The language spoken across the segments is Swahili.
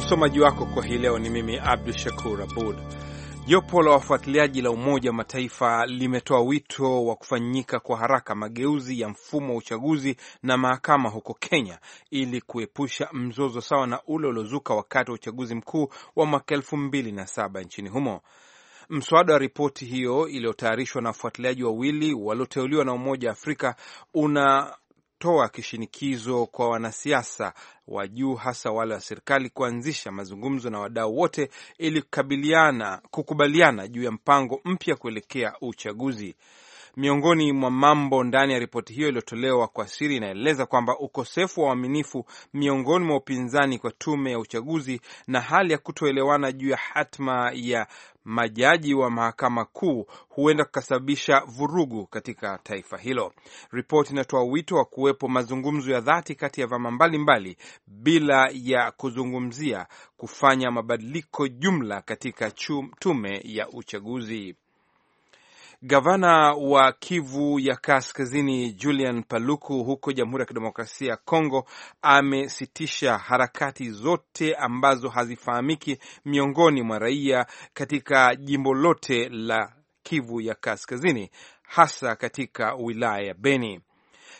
Msomaji wako kwa hii leo ni mimi Abdu Shakur Abud. Jopo la wafuatiliaji la Umoja wa Mataifa limetoa wito wa kufanyika kwa haraka mageuzi ya mfumo wa uchaguzi na mahakama huko Kenya ili kuepusha mzozo sawa na ule uliozuka wakati wa uchaguzi mkuu wa mwaka elfu mbili na saba nchini humo. Mswada wa ripoti hiyo iliyotayarishwa na wafuatiliaji wawili walioteuliwa na Umoja wa Afrika una kutoa kishinikizo kwa wanasiasa wa juu, hasa wale wa serikali, kuanzisha mazungumzo na wadau wote ili kukabiliana, kukubaliana juu ya mpango mpya kuelekea uchaguzi. Miongoni mwa mambo ndani ya ripoti hiyo iliyotolewa kwa siri inaeleza kwamba ukosefu wa uaminifu miongoni mwa upinzani kwa tume ya uchaguzi na hali ya kutoelewana juu ya hatma ya majaji wa mahakama kuu huenda kukasababisha vurugu katika taifa hilo. Ripoti inatoa wito wa kuwepo mazungumzo ya dhati kati ya vyama mbalimbali bila ya kuzungumzia kufanya mabadiliko jumla katika tume ya uchaguzi. Gavana wa Kivu ya Kaskazini Julian Paluku huko Jamhuri ya Kidemokrasia ya Kongo amesitisha harakati zote ambazo hazifahamiki miongoni mwa raia katika jimbo lote la Kivu ya Kaskazini hasa katika wilaya ya Beni.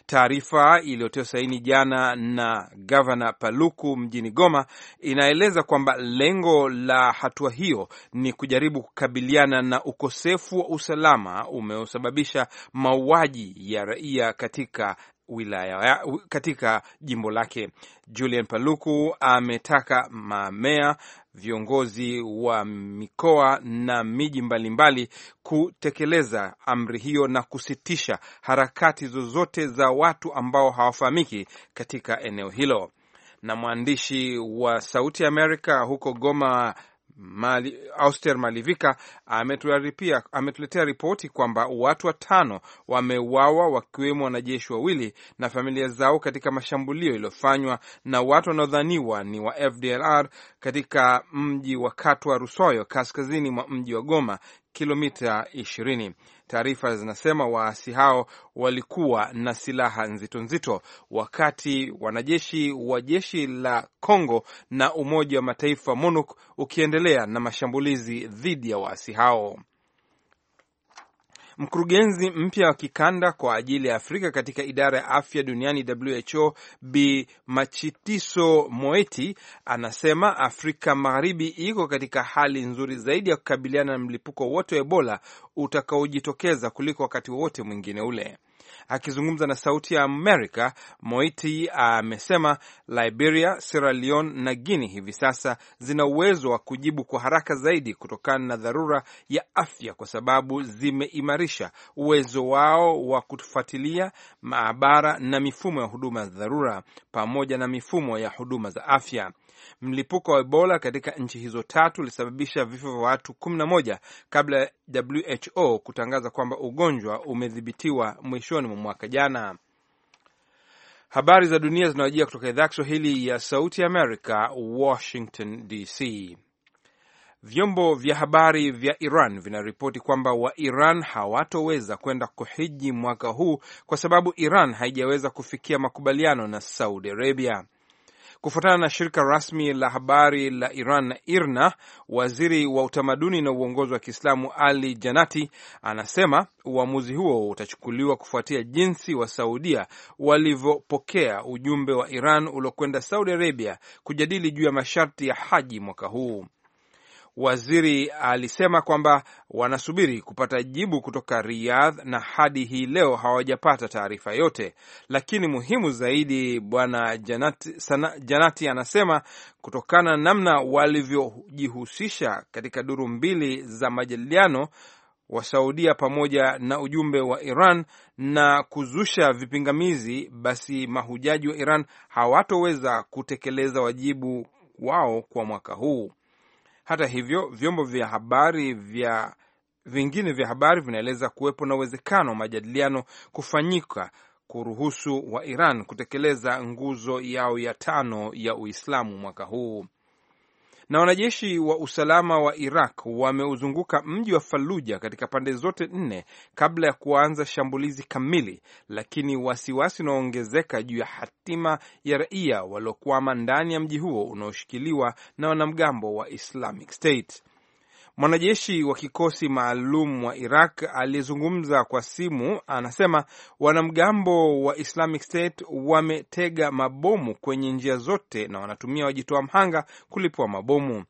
Taarifa iliyotiwa saini jana na gavana Paluku mjini Goma inaeleza kwamba lengo la hatua hiyo ni kujaribu kukabiliana na ukosefu wa usalama umeosababisha mauaji ya raia katika wilaya katika jimbo lake. Julian Paluku ametaka mamea viongozi wa mikoa na miji mbalimbali kutekeleza amri hiyo na kusitisha harakati zozote za watu ambao hawafahamiki katika eneo hilo. Na mwandishi wa Sauti Amerika huko Goma Mali, Auster Malivika ametuletea ripoti kwamba watu watano wameuawa wakiwemo wanajeshi wawili na familia zao katika mashambulio yaliyofanywa na watu wanaodhaniwa ni wa FDLR katika mji wa Katwa Rusoyo kaskazini mwa mji wa Goma kilomita ishirini. Taarifa zinasema waasi hao walikuwa na silaha nzito nzito, wakati wanajeshi wa jeshi la Kongo na Umoja wa Mataifa MONUC ukiendelea na mashambulizi dhidi ya waasi hao. Mkurugenzi mpya wa kikanda kwa ajili ya Afrika katika idara ya afya duniani WHO, Bi Machitiso Moeti anasema Afrika Magharibi iko katika hali nzuri zaidi ya kukabiliana na mlipuko wote wa Ebola utakaojitokeza kuliko wakati wowote mwingine ule. Akizungumza na Sauti ya Amerika, Moiti amesema Liberia, Sierra Leone na Guinea hivi sasa zina uwezo wa kujibu kwa haraka zaidi kutokana na dharura ya afya, kwa sababu zimeimarisha uwezo wao wa kufuatilia maabara na mifumo ya huduma za dharura pamoja na mifumo ya huduma za afya. Mlipuko wa Ebola katika nchi hizo tatu ulisababisha vifo vya watu 11 kabla ya WHO kutangaza kwamba ugonjwa umedhibitiwa mwishoni mwa mwaka jana. Habari za dunia zinawajia kutoka idhaa Kiswahili ya Sauti ya Amerika, Washington DC. Vyombo vya habari vya Iran vinaripoti kwamba Wairan hawatoweza kwenda kuhiji mwaka huu kwa sababu Iran haijaweza kufikia makubaliano na Saudi Arabia. Kufuatana na shirika rasmi la habari la Iran na IRNA, waziri wa utamaduni na uongozi wa Kiislamu Ali Janati anasema uamuzi huo utachukuliwa kufuatia jinsi wa Saudia walivyopokea ujumbe wa Iran uliokwenda Saudi Arabia kujadili juu ya masharti ya haji mwaka huu. Waziri alisema kwamba wanasubiri kupata jibu kutoka Riyadh na hadi hii leo hawajapata taarifa yote, lakini muhimu zaidi, bwana Janati, sana, Janati anasema kutokana na namna walivyojihusisha katika duru mbili za majadiliano wa saudia pamoja na ujumbe wa Iran na kuzusha vipingamizi, basi mahujaji wa Iran hawatoweza kutekeleza wajibu wao kwa mwaka huu. Hata hivyo, vyombo vya habari vya vingine vya habari vinaeleza kuwepo na uwezekano wa majadiliano kufanyika kuruhusu wa Iran kutekeleza nguzo yao ya tano ya Uislamu mwaka huu. Na wanajeshi wa usalama wa Iraq wameuzunguka mji wa Faluja katika pande zote nne kabla ya kuanza shambulizi kamili, lakini wasiwasi unaoongezeka juu ya hatima ya raia waliokwama ndani ya mji huo unaoshikiliwa na wanamgambo wa Islamic State. Mwanajeshi wa kikosi maalum wa Iraq aliyezungumza kwa simu anasema wanamgambo wa Islamic State wametega mabomu kwenye njia zote na wanatumia wajitoa mhanga kulipua mabomu.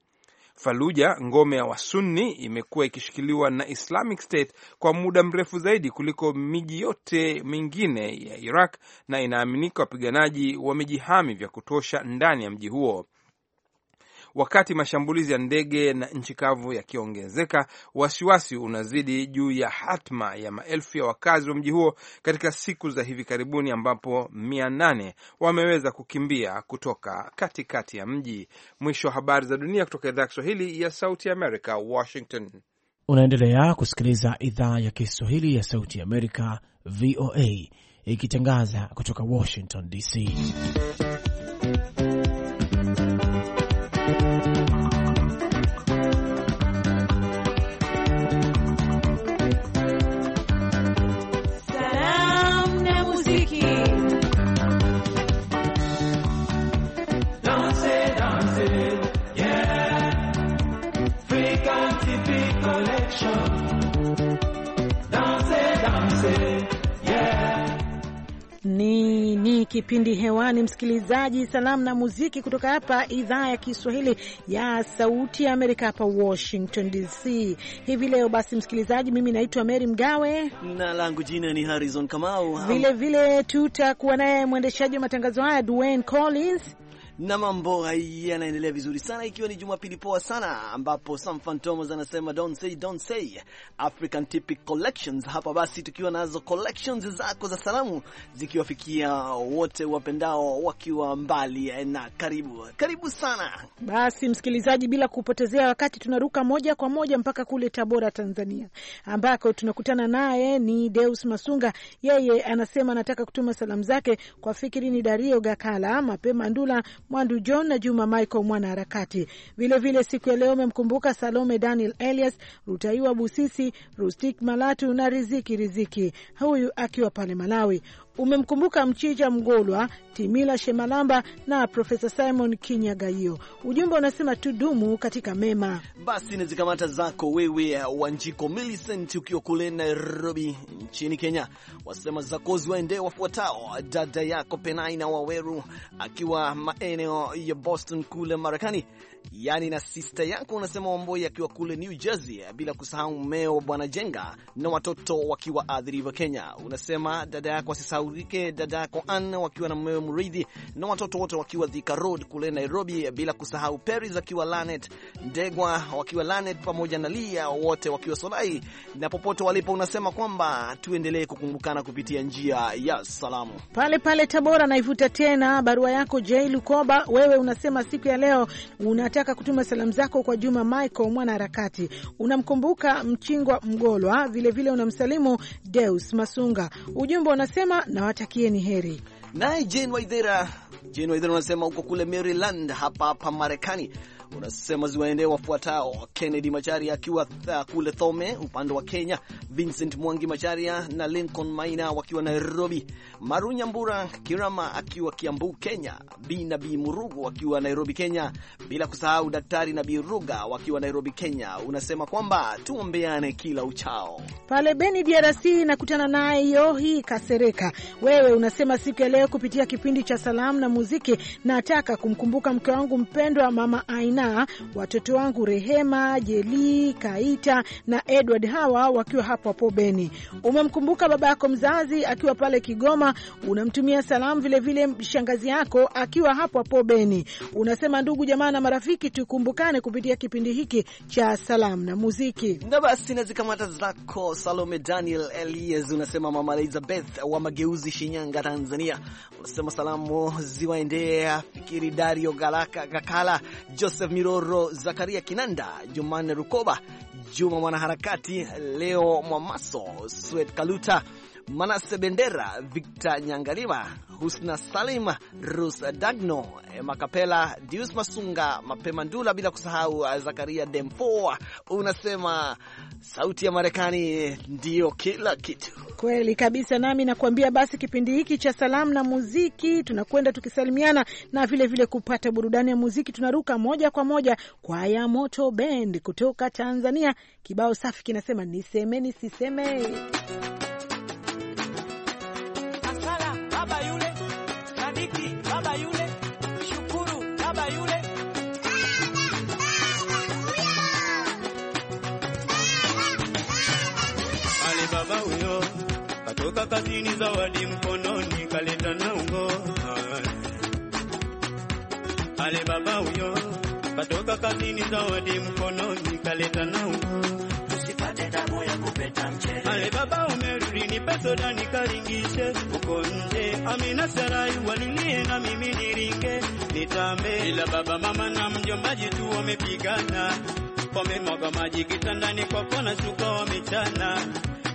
Faluja, ngome ya Wasunni, imekuwa ikishikiliwa na Islamic State kwa muda mrefu zaidi kuliko miji yote mingine ya Iraq na inaaminika wapiganaji wamejihami vya kutosha ndani ya mji huo. Wakati mashambulizi ya ndege na nchi kavu yakiongezeka, wasiwasi unazidi juu ya hatma ya maelfu ya wakazi wa mji huo katika siku za hivi karibuni, ambapo mia nane wameweza kukimbia kutoka katikati ya mji. Mwisho wa habari za dunia kutoka idhaa ya Kiswahili ya Sauti ya Amerika, Washington. Unaendelea kusikiliza idhaa ya Kiswahili ya Sauti ya Amerika, VOA, ikitangaza kutoka Washington DC. kipindi hewani, msikilizaji, salamu na muziki kutoka hapa idhaa ya Kiswahili ya Sauti ya Amerika, hapa Washington DC hivi leo. Basi msikilizaji, mimi naitwa Mary Mgawe na langu jina ni Harrison Kamau. Vilevile tutakuwa naye mwendeshaji wa matangazo haya Dwayne Collins na mambo yanaendelea vizuri sana, ikiwa ni Jumapili poa sana, ambapo Sam Fantomas anasema don't say don't say African Typic Collections. Hapa basi tukiwa nazo collections zako za salamu zikiwafikia wote wapendao wakiwa mbali na karibu. Karibu sana basi, msikilizaji, bila kupotezea wakati tunaruka moja kwa moja mpaka kule Tabora, Tanzania, ambako tunakutana naye ni Deus Masunga. Yeye anasema anataka kutuma salamu zake kwa Fikirini Dario Gakala, Mapema Ndula Mwandu John na Juma Michael mwanaharakati. Vilevile siku ya leo amemkumbuka Salome Daniel Elias, Rutaiwa Busisi, Rustik Malatu na Riziki Riziki, huyu akiwa pale Malawi umemkumbuka Mchija Mgolwa, Timila Shemalamba na Profesa Simon Kinyagaio. Ujumbe unasema tudumu katika mema. Basi na zikamata zako wewe, Wanjiko Milicent, ukiwa kule Nairobi nchini Kenya, wasema zakozi waendee wafuatao: dada yako Penai na Waweru akiwa maeneo ya Boston kule Marekani, yaani na sista yako unasema Wamboi akiwa kule New Jersey, bila kusahau mmeo Bwana Jenga na watoto wakiwa adhiriva Kenya. Unasema dada yako asisa Aurike Dada Anne wakiwa na mmewe Mridhi na watoto wote wakiwa Thika Road kule Nairobi, bila kusahau Peris akiwa Lanet, Ndegwa wakiwa Lanet pamoja na Lia wote wakiwa Solai, na popote walipo unasema kwamba tuendelee kukumbukana kupitia njia ya salamu. Pale pale Tabora naivuta tena barua yako J Lukoba, wewe unasema siku ya leo unataka kutuma salamu zako kwa Juma Michael mwanaharakati, unamkumbuka Mchingwa Mgolwa, ah, vilevile unamsalimu Deus Masunga. Ujumbe unasema nawatakie ni heri. Naye Jane Waithera, Jane Waithera unasema uko kule Maryland, hapa hapa Marekani unasema ziwaendee wafuatao: Kennedy Macharia akiwa kule Thome upande wa Kenya, Vincent Mwangi Macharia na Lincoln Maina wakiwa Nairobi, Maru Nyambura Kirama akiwa Kiambu, Kenya, B na B Murugu wakiwa Nairobi, Kenya, bila kusahau Daktari na Biruga wakiwa Nairobi, Kenya. Unasema kwamba tuombeane kila uchao. Pale Beni, DRC, nakutana naye Yohi Kasereka. Wewe unasema siku ya leo kupitia kipindi cha salamu na muziki, nataka kumkumbuka mke wangu mpendwa Mama Aina na watoto wangu Rehema, Jeli, Kaita na Edward, hawa wakiwa hapo hapo Beni. Umemkumbuka baba yako mzazi akiwa pale Kigoma, unamtumia salamu vilevile shangazi yako akiwa hapo hapo Beni. Unasema ndugu jamaa na marafiki tukumbukane kupitia kipindi hiki cha salamu na muziki. Na basi nazikamata zako Salome Daniel Elias, unasema mama Elizabeth wa Mageuzi, Shinyanga, Tanzania. Unasema salamu ziwaendea Fikiri Dario Galaka, Gakala Joseph Miroro, Zakaria Kinanda, jumane Rukoba, Juma Mwanaharakati, Leo Mwamaso, Swet Kaluta Manase Bendera, Victor Nyangalima, Husna Salim, Rus Dagno, Makapela, Dius Masunga, Mapema Ndula, bila kusahau uh, Zakaria Demfo. Unasema sauti ya Marekani ndiyo kila kitu. Kweli kabisa, nami nakuambia basi, kipindi hiki cha salamu na muziki tunakwenda tukisalimiana na vilevile vile kupata burudani ya muziki. Tunaruka moja kwa moja kwa ya Moto Band kutoka Tanzania, kibao safi kinasema nisemeni sisemei kutoka kazini, zawadi mkononi, kaleta na ungo. Ah. Ale baba huyo katoka kazini, zawadi mkononi, kaleta na ungo. Usipate tabu ya kupeta mchele. Ale baba umerudi, nipe soda nikaringishe. Uko nje Amina Sarai walilie na mimi niringe nitambe, ila baba mama na mjombaji tu wamepigana, wamemwaga maji kitandani, kwa kona shuka wamechana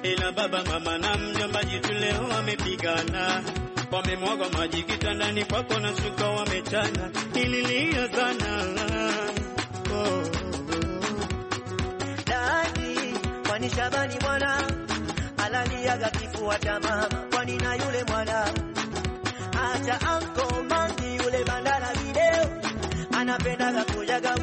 ila baba mama na mjomba jitu leo wamepigana, wamemwaga maji kitandani kwako na shuka wamechana, ililia sana Dadi oh. kwani Shabani mwana alaliaga kifua cha mama, kwani na yule mwana acha anko mangi yule bandala video anapendaga kujaga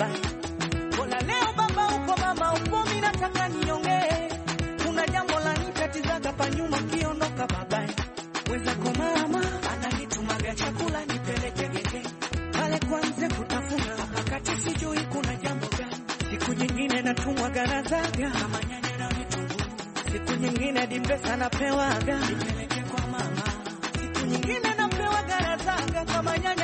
baba, mbona leo baba uko mama uko, mimi nataka niongee, kuna jambo la nikatizaga pa nyuma kiondoka baba, weza kwa mama ananitumaga chakula nipeleke gete pale kwanza kutafuna wakati sijui kuna jambo gani, siku nyingine nyanya na siku nyingine dimbesa napewaga nipeleke kwa mama, siku nyingine kama nyanya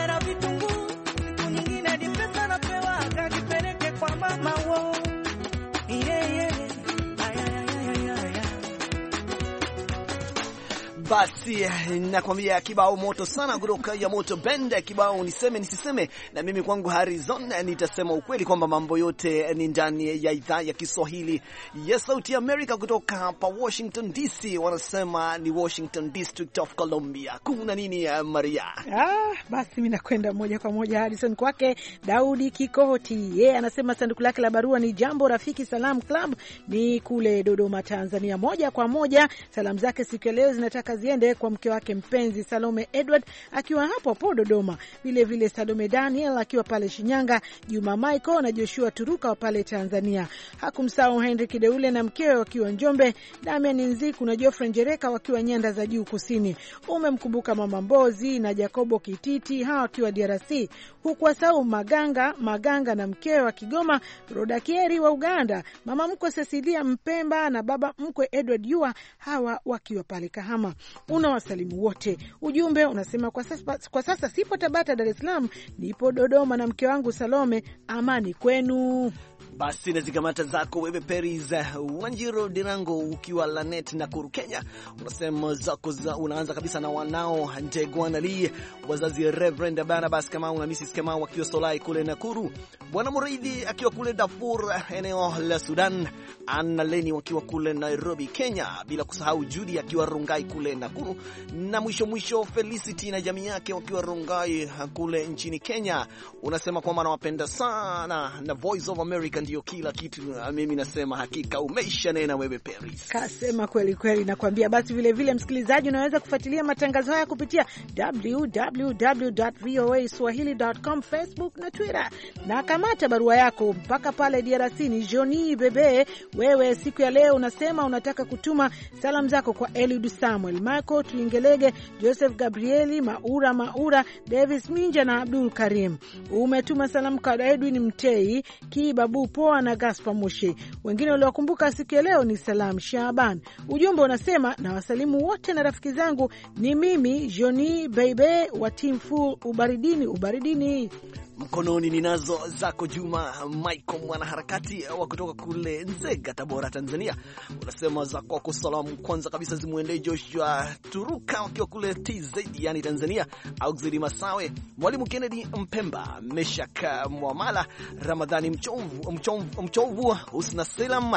Basi eh, nakwambia kibao moto sana kutoka ya moto bende, kibao niseme nisiseme. Na mimi kwangu Harizon, eh, nitasema ukweli kwamba mambo yote eh, ni ndani ya idhaa ya Kiswahili ya Sauti ya Amerika, kutoka hapa Washington DC. Wanasema ni Washington District of Columbia. Kuna nini ya Maria? Ah, basi mimi nakwenda moja kwa moja Harrison kwake Daudi Kikoti. Yeye yeah, anasema sanduku lake la barua ni Jambo Rafiki Salam Club, ni kule Dodoma, Tanzania. Moja kwa moja salamu zake siku ya leo zinataka ziende kwa mke wake mpenzi Salome Edward akiwa hapo hapo Dodoma, vilevile Salome Daniel akiwa pale Shinyanga, Juma Michael na Joshua Turuka wa pale Tanzania. Hakumsahau Henry Kideule na mkewe wakiwa Njombe, Damian Nziku na Geoffrey Njereka wakiwa nyanda za juu kusini. Umemkumbuka Mama Mbozi na Jacobo Kititi, hawa wakiwa DRC, huku wasahau Maganga Maganga na mkewe wa Kigoma, Rodakieri wa Uganda, mama mkwe Cecilia Mpemba na baba mkwe Edward Yua, hawa wakiwa pale Kahama unawasalimu wote. Ujumbe unasema kwa sasa, kwa sasa sipo Tabata, Dar es Salaam, nipo Dodoma na mke wangu Salome. Amani kwenu. Basi nazikamata zako wewe Peris Wanjiro Dirango ukiwa Lanet na Kuru, Kenya, unasema zako za unaanza kabisa na wanao Ntegwanali, wazazi Reverend Barnabas Kamau na Mrs Kamau akiwa Solai kule Nakuru, Bwana Muridhi akiwa kule Darfur eneo la Sudan, Anna Leni wakiwa kule Nairobi, Kenya, bila kusahau Judy akiwa Rongai kule Nakuru, na mwisho mwisho Felicity na jamii yake wakiwa Rongai kule nchini Kenya. Unasema kwamba anawapenda sana na Voice of America ndio kila kitu. Ah, mimi nasema hakika umeisha nena wewe Paris, kasema kweli kweli, nakwambia. Basi vilevile, msikilizaji, unaweza kufuatilia matangazo haya kupitia www.voaswahili.com, Facebook na Twitter. Na kamata barua yako mpaka pale DRC. Ni Joni Bebe, wewe siku ya leo unasema unataka kutuma salamu zako kwa Eliud Samuel, Marco Tuingelege, Joseph Gabrieli Maura, Maura Davis Minja na Abdul Karim. Umetuma salamu kwa Edwin Mtei Kibabu Mpoa na gaspa Moshe. Wengine waliokumbuka siku ya leo ni Salam Shaban. Ujumbe unasema na wasalimu wote na rafiki zangu, ni mimi Joni Beibe wa Timfu, ubaridini ubaridini mkononi ninazo zako Juma Michael, mwanaharakati wa kutoka kule Nzega, Tabora, Tanzania. Unasema za kwako salamu kwanza kabisa zimwendee Joshua Turuka wakiwa kule TZ, yani Tanzania, Auxili Masawe, Mwalimu Kennedy Mpemba, Meshak Mwamala, Ramadhani Mchovu, Husna Selam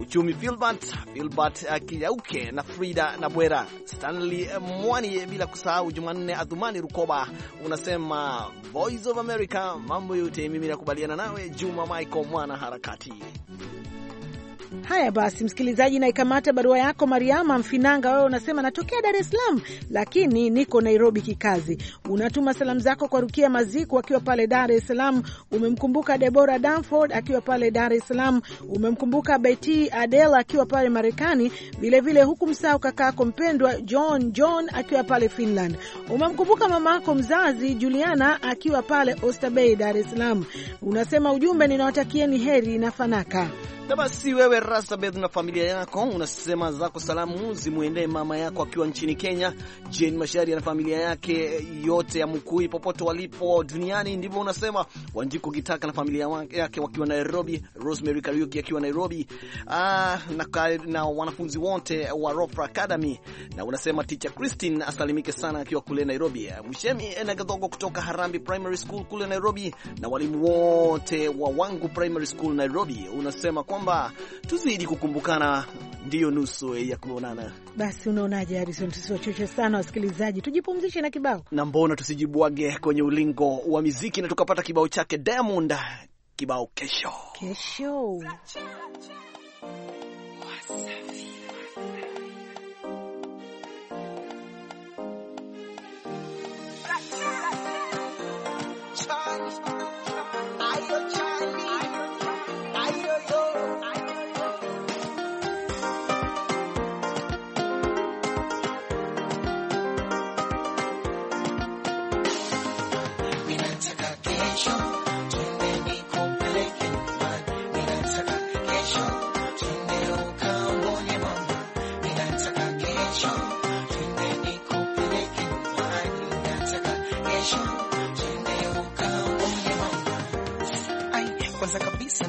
uchumi Filbert Filbert Kiyauke na Frida na Bwera Stanley Mwani, bila kusahau Jumanne Adhumani Rukoba. Unasema Voice of America, mambo yote mimi nakubaliana nawe. Juma Michael mwana harakati Haya basi, msikilizaji, naikamata barua yako Mariama Mfinanga. Wewe unasema natokea Dar es Salaam, lakini niko Nairobi kikazi. Unatuma salamu zako kwa Rukia Maziku akiwa pale Dar es Salaam, umemkumbuka Debora Danford akiwa pale Dar es Salaam, umemkumbuka Beti Adela akiwa pale Marekani, vilevile huku msao kakaako mpendwa John John akiwa pale Finland, umemkumbuka ako mzazi Juliana akiwa pale Oysterbay Dar es Salaam. Unasema ujumbe, ninawatakieni heri na fanaka. Na basi wewe Elizabeth na familia yako, unasema zako salamu zimwendee mama yako akiwa nchini Kenya, Jane Mashari na familia yake yote ya Mkui popote walipo duniani. Ndivyo unasema Wanjiku Gitaka na familia yake wakiwa Nairobi, Rosemary Kariuki akiwa Nairobi, ah, na, na wanafunzi wote wa Rofra Academy, na unasema teacher Christine asalimike sana akiwa kule Nairobi, Mshemi Enagadogo kutoka Harambi Primary School kule Nairobi, na walimu wote wa Wangu Primary School Nairobi, unasema kwamba tuzi inabidi kukumbukana, ndiyo nusu eh, ya kuonana. Basi unaonaje, Harison? Tusiwachoche sana wasikilizaji, tujipumzishe na kibao, na mbona tusijibwage kwenye ulingo wa miziki na tukapata kibao chake Diamond, kibao kesho kesho.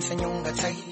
曾经的敢追。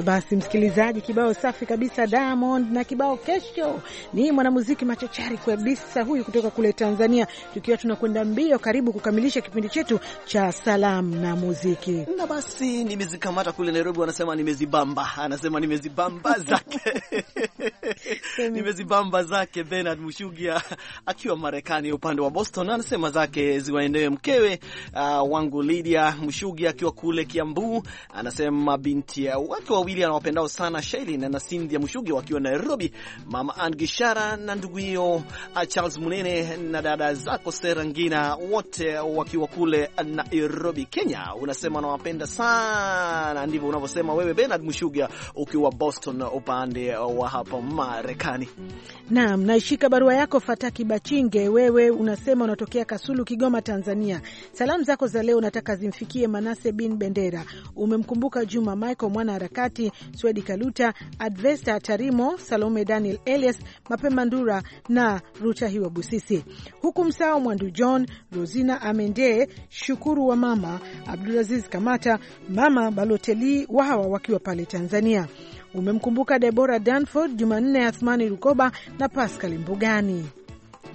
Haya basi, msikilizaji, kibao safi kabisa Diamond na kibao kesho. Ni mwanamuziki machachari kabisa huyu kutoka kule Tanzania, tukiwa tunakwenda mbio karibu kukamilisha kipindi chetu cha salamu na muziki. Na basi nimezikamata kule Nairobi, wanasema nimezibamba, anasema nimezibamba zake nimezibamba zake. Bernard Mushugia ah, akiwa Marekani upande wa Boston, anasema zake ziwaendewe mkewe, uh, wangu Lydia Mushugia akiwa kule Kiambu, anasema binti wake wa wawili anawapendao sana Shaili na Cynthia Mshugi wakiwa Nairobi, mama Angishara na ndugu hiyo ah, Charles Munene na dada zako Serangina wote wakiwa kule Nairobi, Kenya. Unasema anawapenda sana, ndivyo unavyosema wewe Bernard Mshugi ukiwa Boston upande wa hapa Marekani. Naam, naishika barua yako Fataki Bachinge, wewe unasema unatokea Kasulu, Kigoma, Tanzania. Salamu zako za leo nataka zimfikie Manase bin Bendera, umemkumbuka Juma Michael mwana harakati Mkamiti, Swedi Kaluta, Advesta Tarimo, Salome Daniel Elias, Mapema Ndura na ruta hiwa Busisi, huku msao Mwandu John, Rosina Amende, Shukuru wa mama Abdulaziz Kamata, mama Baloteli, wawa wakiwa pale Tanzania. Umemkumbuka Debora Danford, Jumanne Athmani Rukoba na Pascal Mbugani.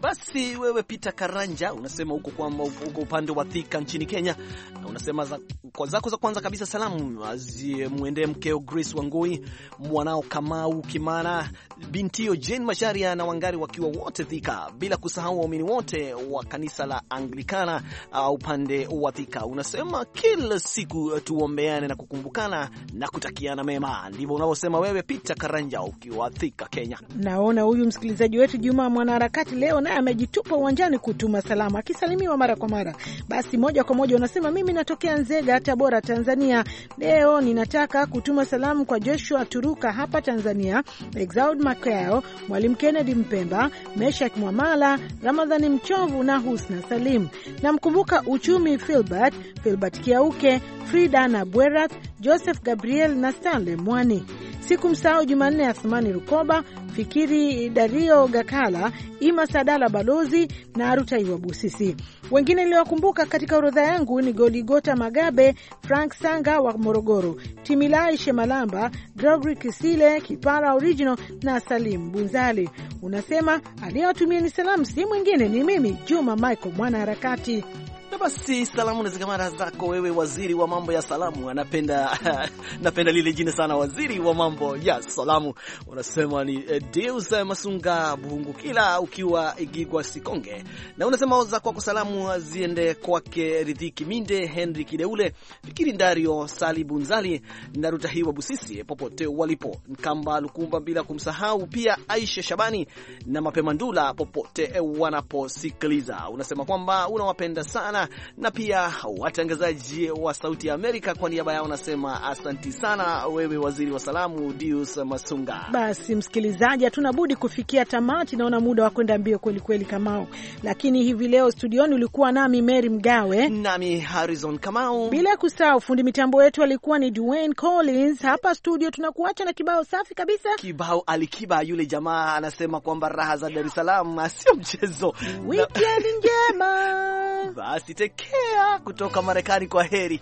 Basi wewe Peter Karanja unasema huko kwamba uko upande wa Thika nchini Kenya, na unasema za, kwa zako za kwanza kabisa salamu azimwendee mkeo Grace Wangui, mwanao Kamau Kimana, bintio Jane Masharia na Wangari wakiwa wote Thika, bila kusahau waumini wote wa kanisa la Anglikana uh, upande wa Thika. Unasema kila siku tuombeane na kukumbukana na kutakiana mema. Ndivyo unavyosema wewe Peter Karanja ukiwa Thika, Kenya. Naona huyu msikilizaji wetu Juma mwanaharakati leo na ambaye amejitupa uwanjani kutuma salamu akisalimiwa mara kwa mara. Basi moja kwa moja unasema mimi natokea Nzega, Tabora, Tanzania. Leo ninataka kutuma salamu kwa Joshua Turuka hapa Tanzania, Exaud Macao, Mwalimu Kennedy Mpemba, Meshak Mwamala, Ramadhani Mchovu na Husna Salim. Namkumbuka Uchumi Filbert, Filbert Kiauke, Frida na Bwerath, Joseph Gabriel na Stanley Mwani siku Sikumsahau Jumanne Athumani Rukoba, Fikiri Dario Gakala, Ima Sadala Balozi na Rutaiwa Busisi. Wengine niliowakumbuka katika orodha yangu ni Goligota Magabe, Frank Sanga wa Morogoro, Timilai Shemalamba, Gregory Kisile, Kipara Original na Salim Bunzali. Unasema aliyewatumia ni salamu, si mwingine ni mimi Juma Michael mwanaharakati. Na basi salamu na zikamara zako wewe, waziri wa mambo ya salamu. Anapenda napenda lile jina sana, waziri wa mambo ya salamu. Unasema ni eh, Deus Masunga kila ukiwa Igigwa Sikonge, na unasema za kwako salamu ziende kwake Ridhiki Minde, Henry Kideule, Fikiri Ndario, Sali Bunzali na Rutahiwa Busisi, popote walipo, Nkamba Lukumba, bila kumsahau pia Aisha Shabani na Mapema Ndula, popote wanaposikiliza. Unasema kwamba unawapenda sana sana, na pia watangazaji wa Sauti ya Amerika. Kwa niaba yao nasema asanti sana wewe waziri wa salamu Dius Masunga. Basi msikilizaji, hatuna budi kufikia tamati, naona muda wa kwenda mbio kweli kweli Kamao, lakini hivi leo studioni ulikuwa nami Mary Mgawe nami Harrison Kamau, bila kusahau fundi mitambo wetu alikuwa ni Dwayne Collins. Hapa studio tunakuacha na kibao safi kabisa, kibao Alikiba. Yule jamaa anasema kwamba raha za Dar es Salaam sio mchezo. Weekend njema Kitekea kutoka Marekani, kwa heri.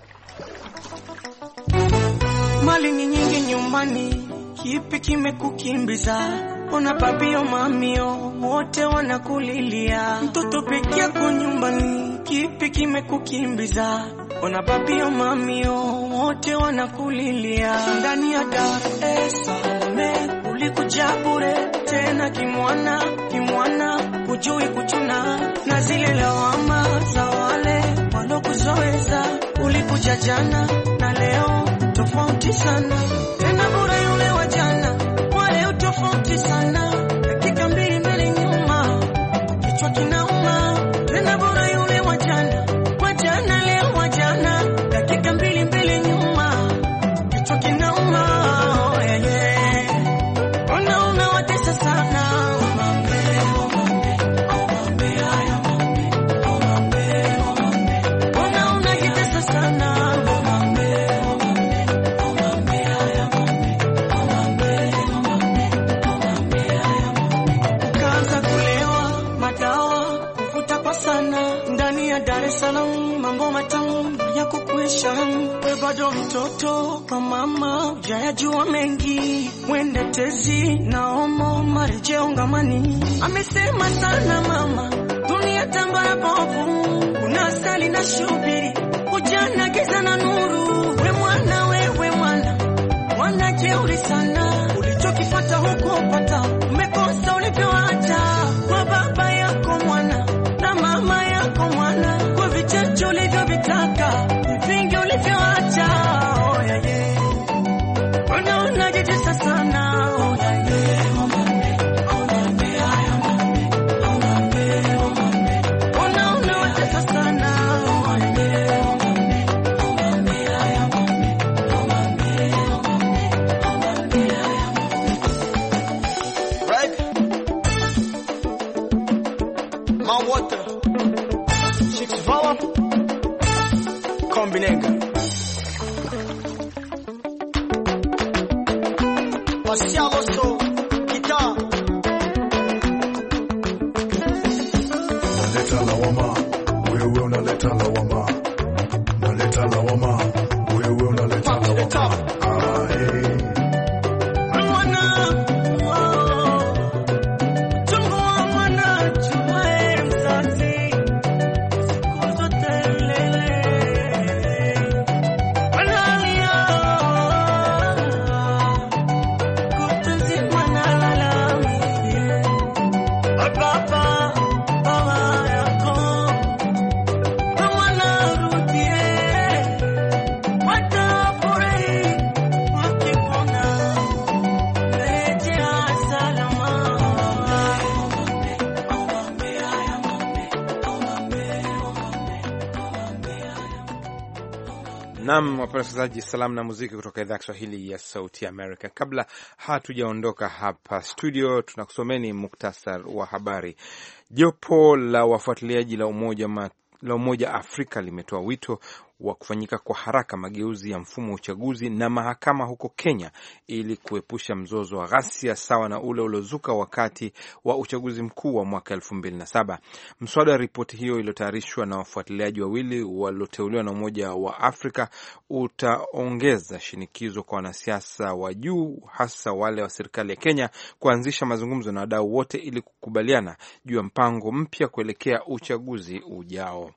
Mali ni nyingi nyumbani, kipi kimekukimbiza? Ona papio mamio wote wanakulilia, mtoto peke yako nyumbani, kipi kimekukimbiza? Ona papio mamio wote wanakulilia, ndani ya Dar es Salaam ulikuja bure, tena kimwana kimwana, kujui kuchuna na zile lawama za kuzoeza ulikuja jana na leo tofauti sana, tena bora yule wa jana wa leo tofauti sana. mtoto kwa mama, ujayajua mengi, mwenda tezi na omo marejeo ngamani. Amesema sana mama, dunia tamba ya bovu, kuna asali na shubiri, ujana giza na nuru. We mwana, wewe mwana, mwana jeuri sana Nam wapenda wasikilizaji, salamu na muziki kutoka idhaa ya Kiswahili ya Sauti Amerika. Kabla hatujaondoka hapa studio, tunakusomeni muktasar wa habari. Jopo la wafuatiliaji la Umoja la Umoja Afrika limetoa wito wa kufanyika kwa haraka mageuzi ya mfumo wa uchaguzi na mahakama huko Kenya ili kuepusha mzozo wa ghasia sawa na ule uliozuka wakati wa uchaguzi mkuu wa mwaka elfu mbili na saba. Mswada wa ripoti hiyo iliyotayarishwa na wafuatiliaji wawili walioteuliwa na Umoja wa Afrika utaongeza shinikizo kwa wanasiasa wa juu, hasa wale wa serikali ya Kenya, kuanzisha mazungumzo na wadau wote ili kukubaliana juu ya mpango mpya kuelekea uchaguzi ujao.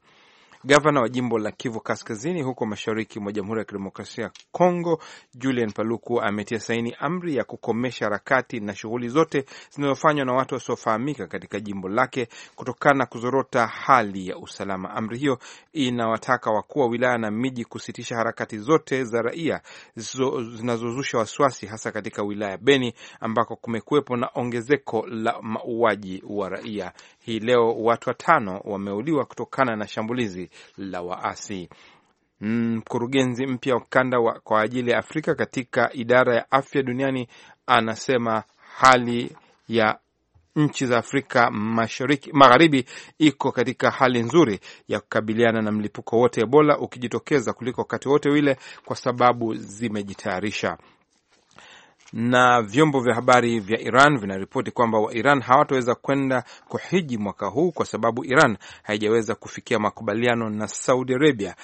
Gavana wa jimbo la Kivu Kaskazini huko mashariki mwa Jamhuri ya Kidemokrasia ya Kongo, Julian Paluku ametia saini amri ya kukomesha harakati na shughuli zote zinazofanywa na watu wasiofahamika katika jimbo lake kutokana na kuzorota hali ya usalama. Amri hiyo inawataka wakuu wa wilaya na miji kusitisha harakati zote za raia zinazozusha wasiwasi, hasa katika wilaya ya Beni ambako kumekuwepo na ongezeko la mauaji wa raia. Hii leo watu watano wameuliwa kutokana na shambulizi la waasi. Mkurugenzi mpya wa ukanda kwa ajili ya Afrika katika idara ya afya duniani anasema hali ya nchi za Afrika Mashariki, magharibi iko katika hali nzuri ya kukabiliana na mlipuko wote Ebola ukijitokeza kuliko wakati wote wile, kwa sababu zimejitayarisha na vyombo vya habari vya Iran vinaripoti kwamba Wairan hawataweza kwenda kuhiji mwaka huu kwa sababu Iran haijaweza kufikia makubaliano na Saudi Arabia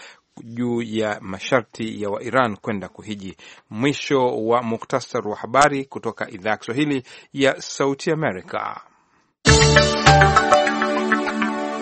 juu ya masharti ya Wairan kwenda kuhiji. Mwisho wa muktasar wa habari kutoka idhaa ya Kiswahili ya Sauti Amerika.